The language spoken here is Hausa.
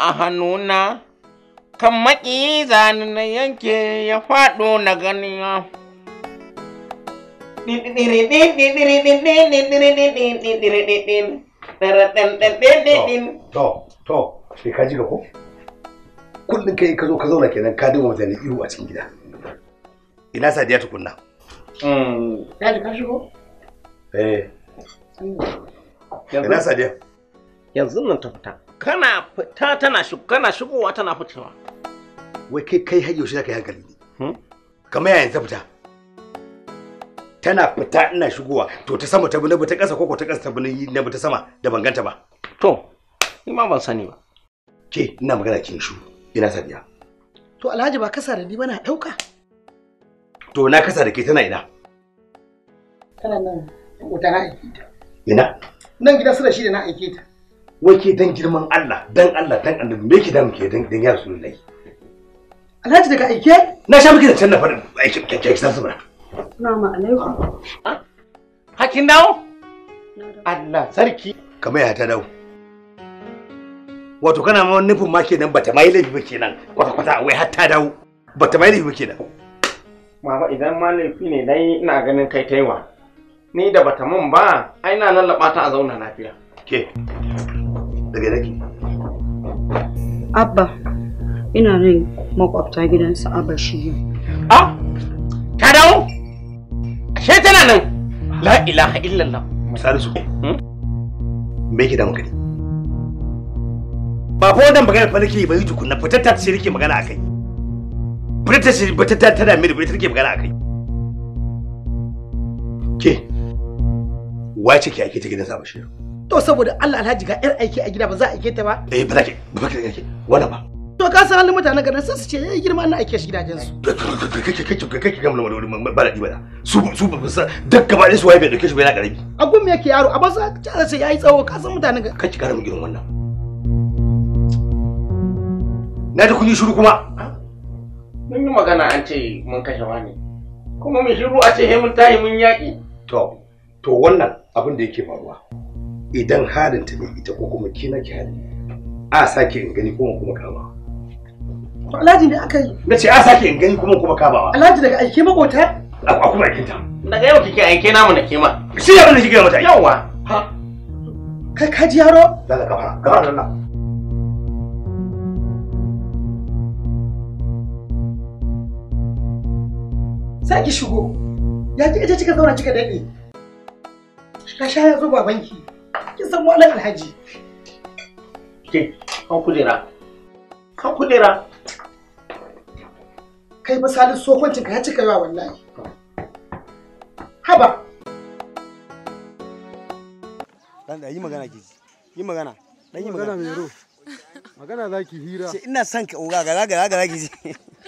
a hannuna kan maki zani na yanke ya faɗo na gani To, to, ka ji ga ko? Kullum kai ka zo ka zauna kenan ka dinga mutane a cikin gida. Ina sadiya tukunna. Ya hmm, ji ka shigo? Eh. Ina sadiya. Yanzu nan ta fita. kana fita tana shigo kana shigowa tana fitowa wai kai kai har yaushe zaka yi hankali ne hmm? kamar yayin ta fita tana fita ina shigowa to ta sama ta bi na ta ƙasa ko ta ƙasa ta bi na ta sama da ban ganta ba to ni ma ban sani ba ke ina magana kin shu ina sadiya to alhaji ba kasa da ni ba na ɗauka to na kasa da ke tana ina tana nan wuta na aiki ta ina nan gida su da shi da na aike ta wake dan girman Allah dan Allah dan annabi me yake da muke dan dan ya Allah Alhaji daga aike na sha miki da can na faɗin aiki kyakkyawa kisa su bara Assalamu alaikum Hakin dawo Allah sarki kamar ya ta dawo Wato kana ma nufin ma kenan bata mai laifi ba kenan kwata kwata wai har ta dawo bata mai laifi ba kenan Mama idan ma laifi ne dai ina ganin kai taiwa ni da bata mun ba ai na lallaba ta a zauna lafiya Ke, daga Abba, ina makwabta gidansa Abba shi Ah, dawo? Ashe tana nan. La ilaha illallah. Hmm? Me yake da Ba fa wannan magana fa tukunna ce nake magana ce ta magana Ke. Wace ke ake ta gidan sa to saboda Allah alhaji ga yar aiki a gida ba za a aike ta ba eh ba za ki ba ki aike wala ba to ka san halin mutanen garin sun su ce yayi girma na aike shi gidajen su kake kake kake kake gamla wani ba da ibada su su ba san duk gaba da su waye bai dauke shi ba yana garabi a gun me yake yaro a ba sa ta ce yayi tsawo ka san mutanen garin kake karamin girman wannan na ji kun yi shiru kuma mun yi magana an ce mun kashe wani kuma mun shiru a ce he mun tayi mun yaki to to wannan abin da yake faruwa idan halin ta ne ita ko kuma ki hali a sake in gani kuma kuma kama to alhaji ne aka yi nace a sake in gani kuma kuma kama alhaji daga aike makota a kuma aikin ta daga yau kike aike namu na kema shi ya abin shi kike mata yawa ha kai ka ji yaro fara ka kafa nan sai shigo ya ji ita kika zauna kika dade ka sha ya zo babanki kin san wani alhaji ke kan kujera kan kujera kai misalin salin ka ya cika yawa wallahi haba dan da yi magana ki yi magana dan yi magana mai ro. magana zaki hira ina son ka oga ga ga ga zaki ji